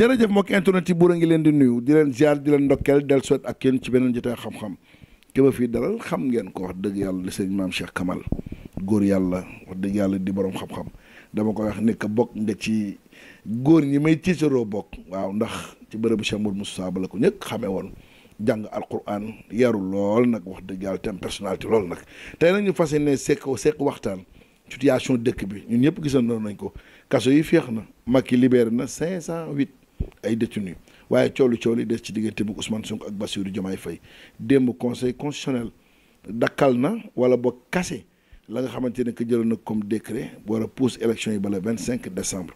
jërëjëf mbokk internet yi buur a ngi leen di nuyu di leen ziar di leen ndokkeel del soit ak yéen ci beneen jotaay xam-xam ki fii dalal xam ngeen ko wax dëgg yàlla di sëñ maam Cheikh Kamal góor yàlla dëgg yàlla di borom xam-xam dama koy wax nekk bokk nga ci góor ñi may tiitaroo bokk waaw ndax ci bërëbu Cheikh mu Moussa ba la ko ñëkk xamee woon jàng alquran yaru lool nag wax dëgg yàlla tam personnalité lool nag tey nag ñu fas yéene sekk sekk waxtaan situation dëkk bi ñun ñëpp gisandoon nañ ko kaso yi féex na Macky libéré na 508. ay détenus waaye coolu coolu des ci diggante bu Ousmane Sonko ak Bassirou Diomaye fay démb conseil constitutionnel dakkal na wala ba kase la nga xamante ne que jëloon na comme décret bu war a pousse élection yi ba le vingt cinq decembre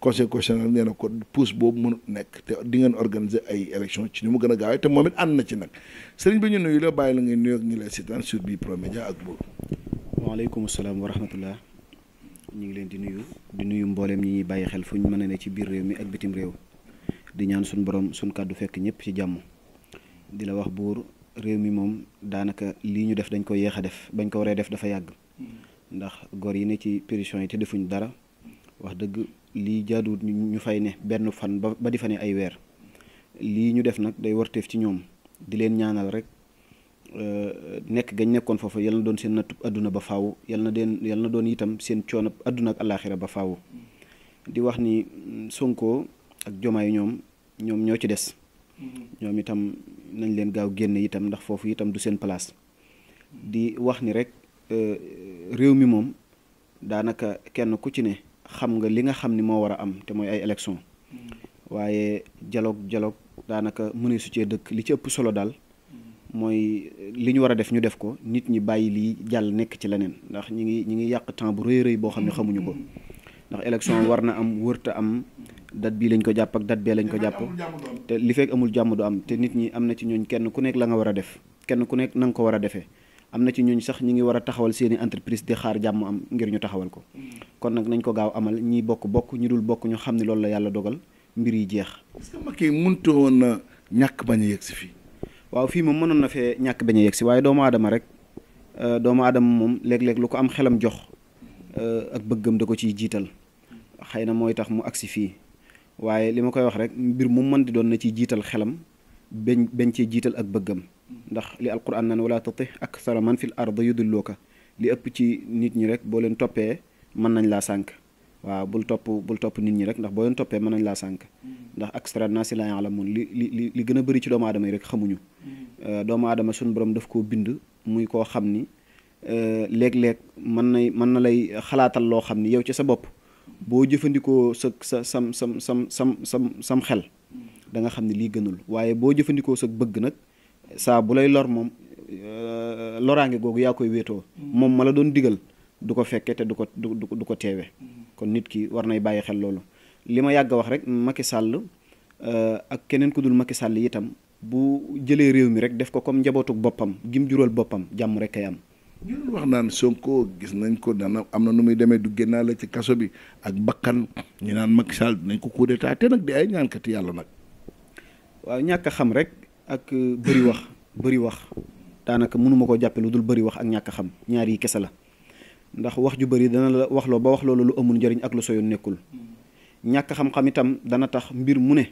conseil constitutionnel nee ko pousse boobu mënut nekk te di ngeen organiser ay élection ci ni mu gën a gaawee te moom it ànd na ci nag sëriñ bi ñu nuyu la bàyyi la ngay nuyu ak ñi lay seetaan sur bi Pro Média ak Mbour. waaleykum salaam wa rahmatullah ñu ngi leen di nuyu di nuyu mboolem ñi bàyyi xel fu ñu mën a ci biir réew mi ak bitim réew. di ñaan suñ borom suñ kàddu fekk ñëpp ci jàmm di la wax buur réew mi moom daanaka lii ñu def dañ koy yéex a def bañ ko waree def dafa yàgg ndax gor yi ne ci pétition yi te defuñ dara wax dëgg lii jaaduwut ñu fay ne benn fan ba di fa ne ay weer lii ñu def nag day warteef ci ñoom di leen ñaanal rek euh, nekk gañ nekkoon foofu yal na doon seen nattub àdduna ba faw yal na deen yal na doon itam seen coonab àdduna ak àllaaxira ba faw di wax ni mm, Sonko ak Diomaye ñoom ñoom ñoo ci des. Mm-hmm. ñoom itam nañ leen gaaw génne itam ndax foofu itam du seen place. Mm-hmm. di wax ni rek euh, réew mi moom daanaka kenn ku ci ne xam nga li nga xam ni moo war a am te mooy ay élection mm-hmm. waaye dialogue jaloog daanaka mënee cee dëkk li ci ëpp solo daal. mooy euh, li ñu war a def ñu def ko nit ñi bàyyi lii jàll nekk ci leneen ndax ñi ngi ñi ngi yàq temps bu rëy rëy boo xam ne xamuñu ko ndax élection war na am wërta am date bii lañ ko jàpp ak date bee lañ ko jàpp te li fekk amul jàmm du am te nit ñi am na ci ñooñ kenn ku nekk la nga war a def kenn ku nekk na nga ko war a defee am na ci ñooñ sax ñi ngi war a taxawal seeni entreprise di xaar jàmm am ngir ñu taxawal ko mm. kon nag nañ ko gaaw amal ñi bokk bokk ñu dul bokk ñu xam ne loolu la yàlla dogal mbir yi jeex. est ki que woon na ñàkk bañ a yegg si fii. waaw fii moom mënoon na fee ñàkk bañ a yegg si waaye doomu aadama rek euh, doomu aadama moom léeg-léeg lu ko am xelam jox euh, ak bëggam da ko ciy jiital xëy na mooy tax mu agsi fii waaye li ma koy wax rek mbir mu man di doon na ciy jiital xelam bañ bañ cee jiital ak bëggam ndax li alquran naan wala ak aksara man fil ard yudilluuka li ëpp ci nit ñi rek boo leen toppee mën nañ laa sànk waaw bul topp bul topp nit ñi rek ndax boo leen toppee mën nañ laa sànk ndax aksara naasi laa yaalamuun li li li gën a bëri ci doomu adama yi rek xamuñu euh, doomu aadama suñu borom daf koo bind muy koo xam ni euh, léeg-léeg mën nay mën na lay xalaatal loo xam ni yow ci sa bopp boo jëfandikoo sa sa sam sam sam sam sam sam xel da nga xam ne lii gënul waaye boo jëfandikoo sag bëgg nag saa bu lay lor moom euh, loraange googu yaa koy wéetoo moom ma la doon digal du ko fekke te du ko du du ko teewe kon nit ki war nay bàyyi xel loolu li ma yàgg wax rek Macky Sall euh, ak keneen ku dul Macky Sall itam bu jëlee réew mi rek def ko comme njabootuk boppam gim jural boppam jàmm rek kay am ñu wax naan Sonko gis nañ ko dana am na nu muy demee du génnaa la ci kaso bi ak bakkan ñu naan Macky Sall nañ ko coup d'état te nag di ay ñaankati yàlla nag. waaw ñàkk xam rek ak euh, bëri wax bari wax daanaka mënuma koo jàppe lu dul bari wax ak ñàkk xam ñaari yi kese la ndax wax ju bari dana la wax ba wax loolu lu amul njëriñ ak lu soyoon nekkul ñàkk xam-xam itam dana tax mbir mu ne.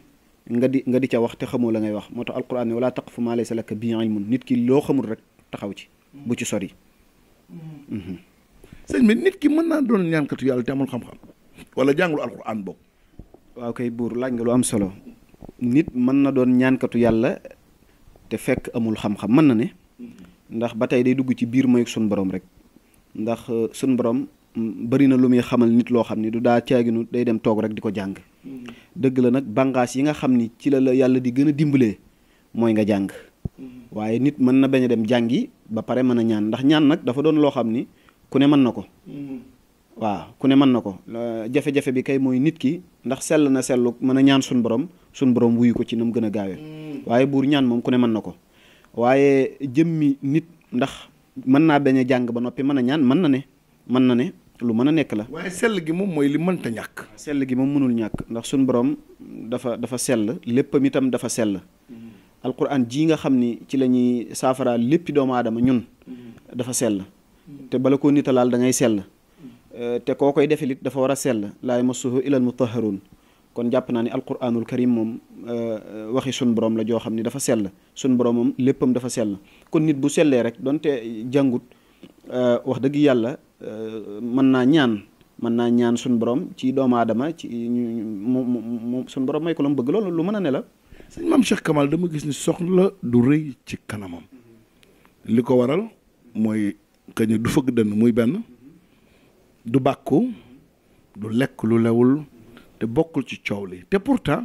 nga di nga di ca wax te xamoo la ngay wax moo tax alquran ne wala fu maa laysa laka bi ilmun nit ki loo xamul rek taxaw ci bu ci sori Mm-hmm. sëñ bi nit ki mën naa doon ñaankatu yàlla te amul xam-xam wala jàngul alxuraan bokk waaw kay buur laaj nga lu am solo nit mën na doon ñaankatu yàlla te fekk amul xam-xam mën na ne mm-hmm. ndax ba tey day dugg ci biir mooy suñ borom rek ndax euh, suñ borom mm, bari na lu muy xamal nit loo xam ni du daa caaginu day dem toog rek di ko jàng mm-hmm. dëgg la nag bànqaas yi nga xam ni ci la yàlla di gën a dimbalee mooy nga jàng waaye nit mën na bañ a dem jàngi ba pare mën a ñaan ndax ñaan nag dafa doon loo xam ni ku ne mën na ko mm-hmm. waaw ku ne mën na ko jafe-jafe bi kay mooy nit ki ndax sell na sellu mën a ñaan suñu borom suñu borom wuyu ko ci na mu gën a gaawee mm. waaye buur ñaan moom ku ne mën na ko waaye jëmmi nit ndax mën naa bañ jàng ba noppi mën a ñaan mën na ne mën na ne lu mën a nekk la. waaye sell gi moom mooy li mënta ñàkk. sell gi moom mënul ñàkk ndax suñu borom dafa dafa sell léppam itam dafa sell. alquran jii nga xam ni ci la ñuy saafara léppi doomu aadama ñun mm-hmm. dafa sell mm-hmm. te bala koo nitalaal da ngay sell mm-hmm. te koo koy defee lit dafa war a sell laa yamassuhu ilal mutahharun kon jàpp naa ne alquranul karim moom euh, euh, waxi sun borom la joo xam ni dafa sell sun borom moom léppam dafa sell kon nit bu sellee rek donte jàngut euh, wax dëgg yàlla mën naa ñaan mën naa ñaan sun borom ci doomu aadama ci mu mu mu sun borom may ko la mu bëgg loolu lu mën a ne la. sëñ maam Cheikh Kamal dama gis ni soxla du rëy ci kanamam li ko waral mooy kañ du fëgg dënn muy benn du bàkku du lekk lu lewul te bokkul ci coow li te pourtant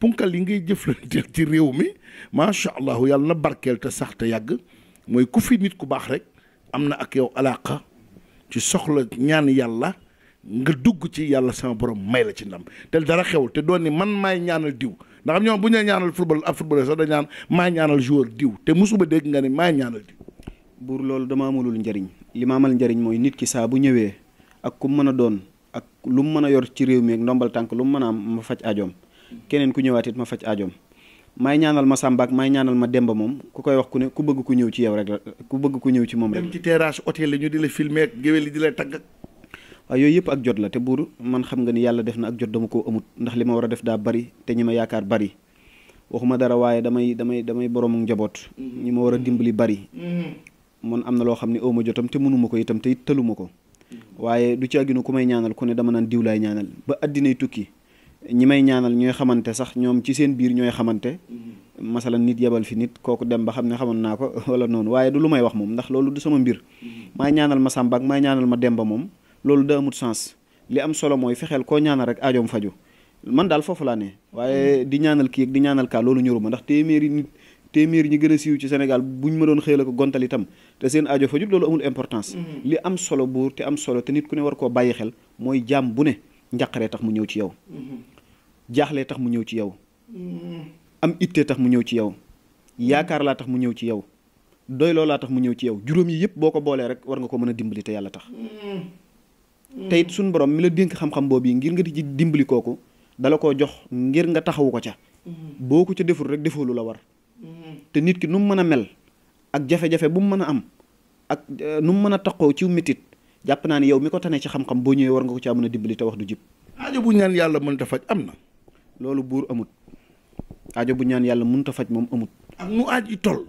punkal yi ngay jëflanteel ci réew mi macha allah yàlla na barkeel te sax te yàgg mooy ku fi nit ku baax rek am na ak yow alaaka ci soxla ñaan yàlla nga dugg ci yàlla sama borom may la ci ndam te dara xewul te doon ni man maay ñaanal diw ndax ñoom bu ñu la ñaanal football ab footballeur sax da ñaan maa ñaanal joueur diw te musuma dégg nga ne maa ñaanal diw. buur loolu dama amalul njariñ li ma amal njariñ mooy nit ki saa bu ñëwee ak ku mën a doon ak lu mu mën a yor ci réew mi ak ndombal tànk lu mu mën a am ma faj aajoom keneen ku ñëwaat it ma faj aajoom may ñaanal ma Samba ak may ñaanal ma demb moom ku koy wax ku ne ku bëgg ku ñëw ci yow rek la ku bëgg ku ñëw ci moom rek. dem ci terrasse hôtel la ñu di la filmer ak yi di la tagg. yooyu yëpp ak jot la te buur man xam nga ni yàlla def na ak jot dama ko amut ndax li ma war a def daa bari te ñi ma yaakaar bari waxuma dara waaye damay damay damay boroomu njaboot. Mm-hmm. ñi ma war a dimbali bari. Mm-hmm. man am na loo xam ne aw ma jotam te mënuma ko itam te it tëluma ko. Mm-hmm. waaye du ci àgginu ku may ñaanal ku ne dama naan diw laay ñaanal ba addinay tukki ñi may ñaanal ñooy xamante sax ñoom ci seen biir ñooy xamante. masalan nit yebal fi nit kooku dem ba xam ne xamoon naa ko wala noonu waaye du lu may wax moom ndax loolu du sama mbir. maa ñaanal ma Samba ak maa ñaanal ma Demba moom. loolu da amut sens li am solo mooy fexeel koo ñaanal rek aajoom faju man daal foofu laa ne waaye di ñaanal kii ak di ñaanal kaa loolu ñoruma ndax téeméeri nit téeméer ñi gën a siiw ci bu ñu ma doon xëyal ko gontal itam te seen aajo fajut loolu amul importance. Mm-hmm. li am solo buur te am solo te nit ku ne war koo bàyyi xel mooy jaam bu ne njàqaree tax mu ñëw ci yow. Mm-hmm. jaaxlee tax mu ñëw ci yow. Mm-hmm. am ittee tax mu ñëw ci yow. yaakaar laa tax mu ñëw ci yow. doy loo laa mu ñëw ci yow juróom yi yëpp boo ko boolee rek war nga ko mën dimbali te yàlla tax. te it suñu borom mi la dénk xam-xam boobu yi ngir nga di ci dimbali kooku dala koo jox ngir nga taxawu ko ca. Mm-hmm. boo ko ca deful rek defoo lu la war. Mm-hmm. te nit ki nu mu mën a mel ak jafe-jafe bu mu mën a am ak euh, nu mu mën a taqoo ci métit jàpp naa ne yow mi ko ci xam boo ñëwee war nga ko caa mën a dimbali te wax du jib. aajo bu ñaan yàlla mënut a faj am na. loolu buur amut aajo bu ñaan yàlla mënut a faj moom amut. ak nu aaj yi toll.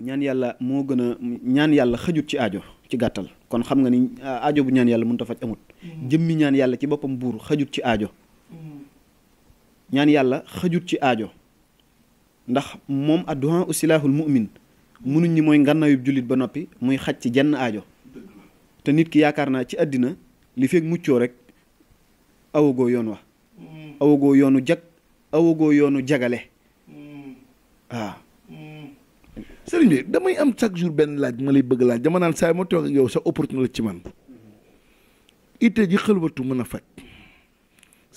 ñaan yàlla moo gën a ñaan yàlla xëjut ci aajo. ci gàttal kon xam nga ni ah, aajo bu ñaan yàlla mun a faj amut mm. jëmmi ñaan yàlla ci boppam buur xajut ci aajo mm. ñaan yàlla xajut ci aajo ndax moom adduhan usilaahul mu'min munuñ ñi mooy ngànnaayub jullit ba noppi muy xaj ci jenn aajo te nit ki yaakaar naa ci àddina li feeg muccoo rek awagoo yoon wa mm. awagoo yoonu jag awagoo yoonu jagale sëriñ bi damay am chaque jour benn laaj ma lay bëgg laaj dama naan saa yi ma toog ak yow sa opportunité la ci man itte ji xëlwatu mën a faj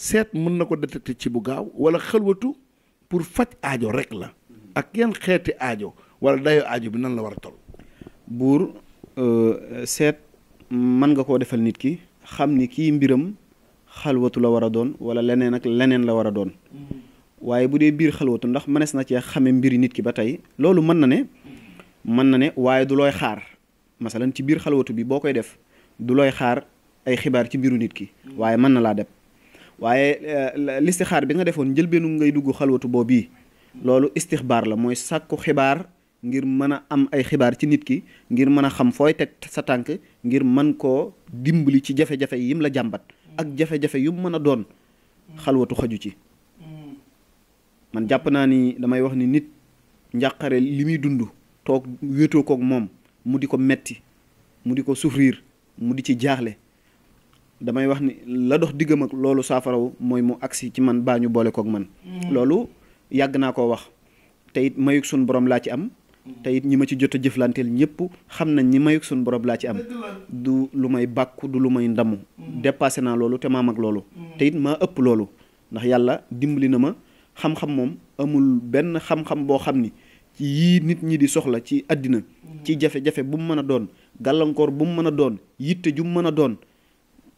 seet mën na ko détecté ci bu gaaw wala xëlwatu pour faj aajo rek la ak yan xeeti aajo wala dayoo aajo bi nan la war a tol buur euh, seet mën nga koo defal nit ki xam ni kii mbiram xalwatu la war a doon wala leneen ak leneen la war a doon mm-hmm. waaye bu dee biir xalwatu ndax mënees na cee xame mbiri nit ki ba tey loolu mën na ne mën na ne waaye du looy xaar masalan ci biir xalwatu bi boo koy def du looy xaar ay xibaar ci biiru nit ki waaye mën na laa dem waaye eh, xaar bi nga defoon njëlbeenu ngay dugg xalwatu boobu yi loolu istixbaar la mooy sàkku xibaar ngir mën a am ay xibaar ci nit ki ngir mën a xam fooy teg sa tànk ngir mën koo dimbali ci jafe-jafe yim la jàmbat ak jafe-jafe mën a doon xalwatu xaju ci man jàpp naa ni damay wax ni nit njàqare li muy dund toog wéetoo koog moom mu di ko metti mu di ko souffrir mu di ci jaaxle damay wax ni la dox diggam ak loolu saafaraw mooy mu agsi ci man baa ñu boole koog man mm. loolu yàgg naa ko wax te it mayug suñu borom laa ci am mm. te it ñi ma ci jot a jëflanteel ñëpp xam nañ ñi mayug suñu borom laa ci am du lu may bàkku du lu may ndamu mm. dépassé naa loolu te maam ak loolu te it maa ëpp loolu ndax yàlla dimbali na ma xam-xam moom amul benn xam-xam boo xam ni ci yii nit ñi di soxla ci àddina mhm. ci jafe-jafe bu mu mën a doon gàllankoor bu mu mën a doon yitte ju mu mën a doon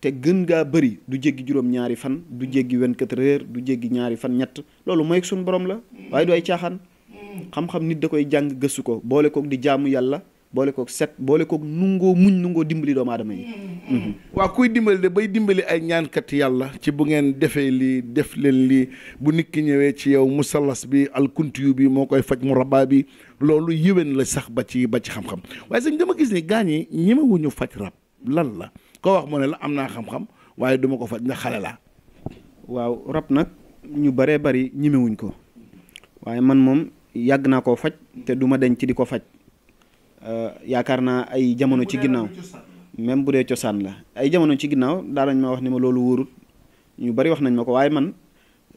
te gën gaa bëri du jéggi juróom ñaari fan du jéggi vingt-quatre heures du jéggi ñaari fan ñett loolu mooy suñu borom la mhm. waaye du ay caaxaan mhm. xam-xam nit da koy jàng gëstu ko boole koog di jaamu yàlla boole koog set boole kook nungoo muñ nungoo dimbali doomu aadama yi. Mm-hmm. Mm-hmm. waa kuy dimbali de bay dimbali ay ñaankat yàlla ci bu ngeen defee lii def leen li bu nit ki ñëwee ci yow musallas bi alkuntiyu bi moo koy faj mu rabaa bi loolu yéwén la sax ba ci ba ci xam-xam waaye sax dama gis ni gaañ yi ñemewuñu faj rab lan la koo wax mu ne la am naa xam-xam waaye duma ko faj ndax xale laa. waaw rab nag ñu baree bari ñemewuñ ko waaye man moom yàgg naa koo faj te duma deñ ci di ko faj. Euh, yaakaar naa ay jamono ci ginnaaw même bu dee cosaan la ay jamono ci ginnaaw daa nañ ma wax ni ma loolu wóorut ñu bari wax nañ ma ko waaye man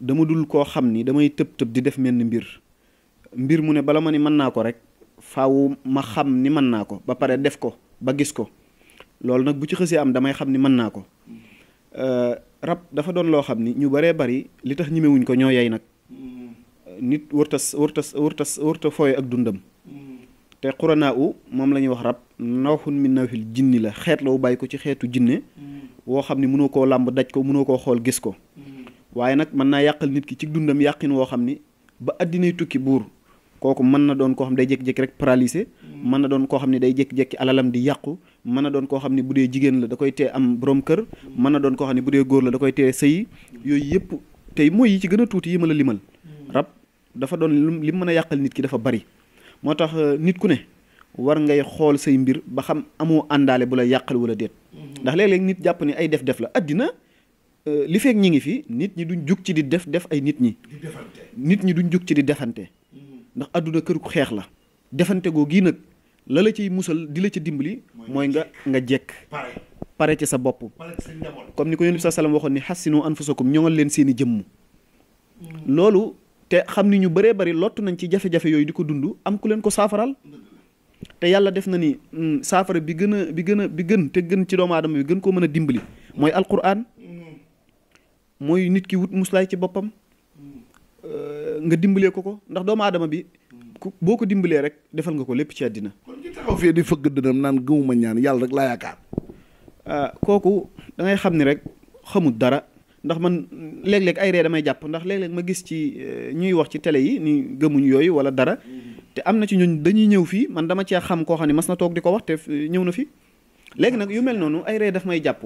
dama dul koo xam ni damay tëb tëb di def mel mbir mbir mu ne bala ma ni mën naa ko rek faaw ma xam ni mën naa ko ba pare def ko ba gis ko loolu nag bu ci xësee am damay xam ni mën naa ko euh, rab dafa doon loo xam ni ñu baree bari li tax ñemewuñ ko ñoo yey nag mm. nit wërta wërta wërta wërta fooy ak dundam te xuranaa u moom la ñuy wax rab nawxun min nawxil jinni la xeet la wu bàyyi ko ci xeetu jinne mm. woo xam ne mënoo koo làmb daj ko mënoo koo xool gis ko mm. waaye nag man naa yàqal nit ki ci dundam yàqin woo xam ni ba addinay tukki buur kooku mën na doon koo xam day jékki-jékki rek paralysé mm. mën na doon koo xam ne day jékki-jékki alalam di yàqu mën na doon koo xam ne bu dee jigéen la da koy tee am borom kër mën na doon koo xam ne bu dee góor la da koy tee sëyi yooyu yëpp tey mooy yi ci gën a tuuti yi ma la limal rab dafa doon lim mën a yàqal nit ki dafa bari moo tax euh, nit ku ne war ngay xool say mbir ba xam amoo àndaale bu la yàqal wala déet mm-hmm. ndax léeg-léeg nit jàpp ni ay def-def la addina euh, li feek ñi ngi fi nit ñi duñ jug ci di def def ay nit ñi nit ñi duñ jug ci di defante mm-hmm. ndax adduna kër ku xeex la defante goo gii nag la la ciy musal di la ci dimbali mooy nga nga jekk pare ci sa bopp comme ni ko yonent ni sallallahu alayhi wasallam waxoon ni xassinu anfusakum ñoŋal leen seeni jëmm mm-hmm. loolu te xam ni ñu bëree bari lottu nañ ci jafe-jafe yooyu di ko dund am ku leen ko saafaral te yàlla def na ni mm, saafara bi gën a bi gën a bi te gën ci doomu aadama bi gën koo mën a dimbali mooy alquran mooy nit ki wut muslaay ci boppam euh, nga dimbalee ko ko ndax doomu aadama bi boo ko dimbalee rek defal nga ko lépp ci àddina kon di fëgg dënam naan gëmuma ñaan yàlla rek laa yaakaar euh, kooku da xam ni rek xamul dara ndax man léeg-léeg ay ree damay jàpp ndax léeg-léeg ma gis ci euh, ñuy wax ci tele yi ni gëmuñ yooyu wala dara mm-hmm. te am na ci ñooñ dañuy ñëw fii man dama cee xam koo xam ne mas na toog di ko wax te euh, ñëw na fi léegi nag yu mel noonu ay ree daf may jàpp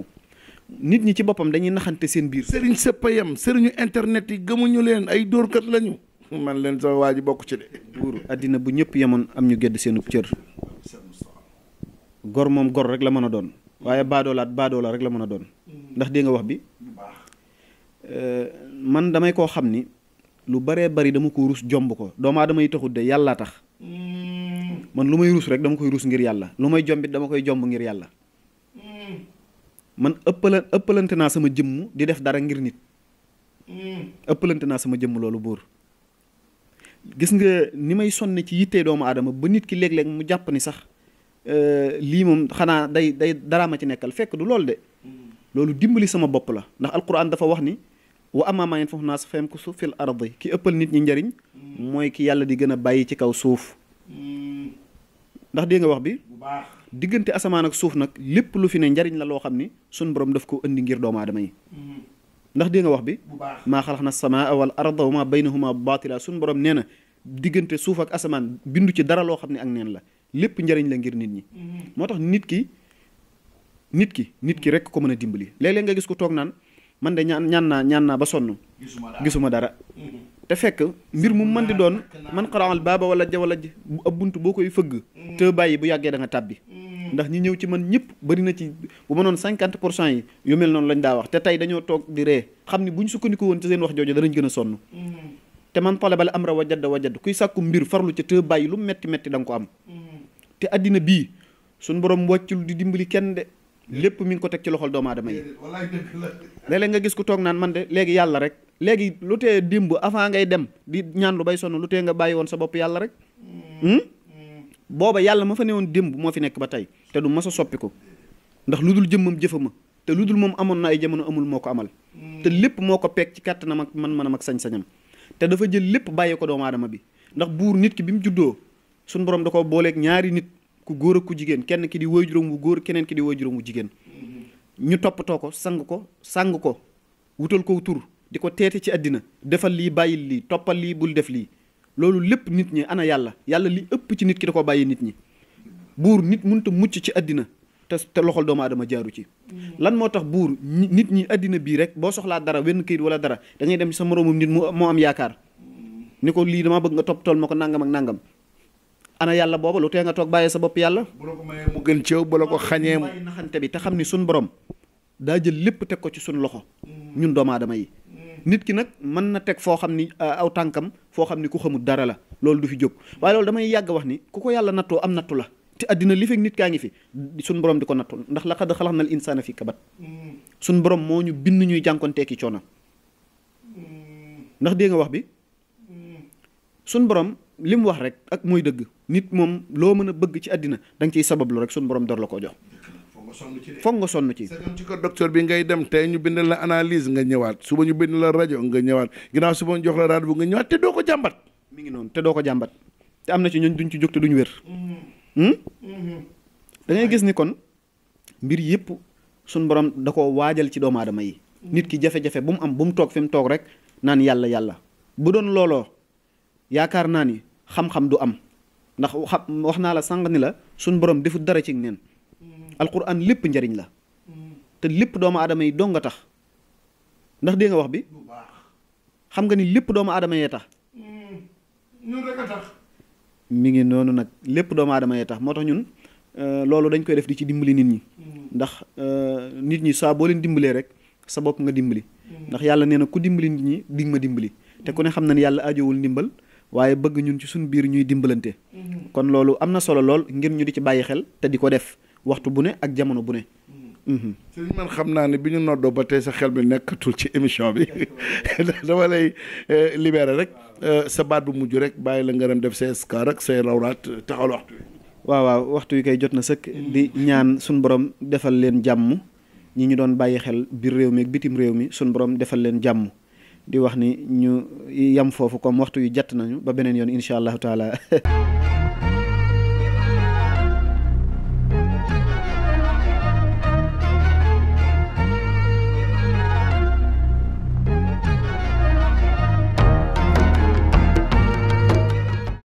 nit ñi ci boppam dañuy naxante seen biir sëriñ sëppayam sëriñu internet yi gëmuñu leen ay dóorkat lañu man leen sama waa ji bokk ci de buur àddina bu ñëpp yemoon am ñu gedd seenub cër gor moom gor rek la mën a doon waaye baadoolaat baadoola rek la mën a doon mm. ndax dégg nga wax bi Euh, man damay koo xam ni lu baree bari dama ko ruus jomb ko doomu aadama yi taxut de yàlla tax mm. man lu may rus rek dama koy rus ngir yàlla lu may jombit dama koy jomb ngir yàlla mm. man ëppala ëppalante naa sama jëmm di def dara ngir nit mm. ëppalante naa sama jëmm loolu buur gis nga ni may sonne ci yittee doomu aadama ba nit ki léeg-léeg mu jàpp ni sax euh, lii moom xanaa day day dara ma ci nekkal fekk du loolu de loolu dimbali sama bopp la ndax alquran dafa wax ni wa amma maa yanfa'u naas fa yamkusu fil ardi ki ëppal nit ñi njariñ mooy ki yàlla di gën a bàyyi ci kaw suuf ndax dégg nga wax bi diggante asamaan ak suuf nag lépp lu fi ne njariñ la loo xam ni suñ borom daf ko indi ngir doomu aadama yi mm-hmm. ndax dégg nga wax bi maa na samaa wal arda wa maa baynahuma baatila suñ borom nee na diggante suuf ak asamaan bindu ci dara loo xam ne ak neen la lépp njariñ la ngir nit ñi mm-hmm. moo tax nit ki nit ki nit ki rekk ko mën a dimbali léeg-léeg nga gis ko toog naan man de ñaan ñaan naa ñaan naa ba sonn gisuma dara te fekk mbir mu man di doon man xaramal baaba wala ja wala ab bunt boo koy fëgg te bàyyi bu yàggee da nga tàbbi ndax ñi ñëw ci man ñëpp bari na ci bu ma noon cinquante pour cent yi yu mel noonu lañ daa wax te tey dañoo toog di xam ni bu sukkandiku woon ci seen wax jooju danañ gën a sonn te man pale bale am ra wajad wajad kuy sàkku mbir farlu ca te bàyyi lu metti metti da ko am mm. te addina bii suñ borom wàccul di dimbali kenn de lépp mu ngi ko teg ci loxol doomu aadama yi léeg nga gis ku toog naan man de léegi yàlla rek léegi lu tee dimb avant ngay dem di ñaan lu bay sonn lu tee nga bàyyi woon sa bopp yàlla rek hmm, hmm? Hmm. booba yàlla ma fa newoon démb moo fi nekk ba tey te du masa soppi ko ndax lu dul jëmmam jëfama te lu dul moom amoon na ay jamono amul moo ko amal te lépp moo ko peeg ci kàttanam mag man-manam ak sañ-sañam te dafa jël lépp bàyyi ko doomu aadama bi ndax buur nit ki bi mu juddoo suñ borom da ko booleeg ñaari nit ku góor ak ku jigéen kenn ki di woy juróom wu góor keneen ki di woy juróom wu jigéen ñu toppatoo ko sang ko sang ko wutal ko tur di ko teete ci àddina defal lii bàyyil lii toppal lii bul def lii loolu lépp nit ñi ana yàlla yàlla li ëpp ci nit ki da ko bàyyi nit ñi buur nit mënut a mucc ci àddina te te loxol doomu aadama jaaru ci lan moo tax buur nit ñi àddina bii rek boo soxlaa dara wenn këyit wala dara da dem sa moroomum nit mu moo am yaakaar ni ko lii damaa bëgg nga toppatool ma ko nangam nangam ana yàlla booba lu tee nga toog bàyyee sa bopp yàlla. bu la ko mayee mu gën ci yow bu la ko xañee. waaye naxante bi te xam ni suñ borom daa jël lépp teg ko ci suñ loxo. Mm. ñun doomu aadama yi. Mm. nit ki nag mën na teg foo xam ni uh, aw tànkam foo xam ni ku xamul dara la loolu du fi jóg waaye loolu damay yàgg wax ni ku ko yàlla nattoo am nattu la te àddina lifik nit kaa ngi fi suñ borom di ko nattu ndax laqad xalaqnal insaana fi kabat mm. suñ borom moo ñu bind ñuy jànkonteeki coono ndax dégg nga wax bi borom li mu wax rek ak mooy dëgg nit moom loo mën a bëgg ci àddina da nga ciy sabablu rek suñu borom dor la ko jox. foog nga sonn ci ci ko docteur bi ngay dem tey ñu bind la analyse nga ñëwaat suba ñu bind la rajo nga ñëwaat ginnaaw suba ñu jox la rajo bu nga ñëwaat te doo ko jàmbat mi ngi noonu te doo ko jàmbat am na ci ñun duñ ci jóg te duñu wér mm. hmm? mm-hmm. da ngay gis ni kon mbir yëpp suñ borom da ko waajal ci doomu aadama yi mm. nit ki jafe-jafe bu mu am bu mu toog fi mu toog rek naan yàlla yàlla bu doon looloo naa ni xam-xam du am ndax wax naa la sàng ni la suñ borom defut dara ci neen mm. alquran lépp njariñ la mm. te lépp doomu aadama yi dong nga tax ndax dégg nga wax bi xam nga ni lépp doomu adama yee tax mm. ñun mi ngi noonu nag lépp doomu aadama yee tax moo tax ñun euh, loolu dañ koy def di ci dimbali nit ñi ndax euh, nit ñi saa boo leen dimbalee rek sa bopp nga dimbali ndax yàlla nee na ku dimbali nit ñi dig ma dimbali te ku ne xam na ni yàlla ajowul ndimbal waaye bëgg ñun ci suñu biir ñuy dimbalante. Mhm. kon loolu am na solo lool ngir ñu di ci bàyyi xel te di ko def waxtu bu ne ak jamono bu ne. Mhm. Mhm. sëriñ man xam naa ne bi ñu noddoo ba tey sa xel mi nekkatul ci émission bi dama lay eh, libéré rek eh, sa baat bu mujj rek bàyyi la nga dem def say askar ak say rawraat eh, taxawal waxtu wi. waaw waaw waxtu wi kay jot na sëkk. di ñaan suñ borom defal leen jàmm ñi ñu doon bàyyi xel biir réew mi ak bitim réew mi suñu borom defal leen jàmm. di wax ni ñu yam foofu comme waxtu yu jett nañu ba beneen yoon incha allahu taala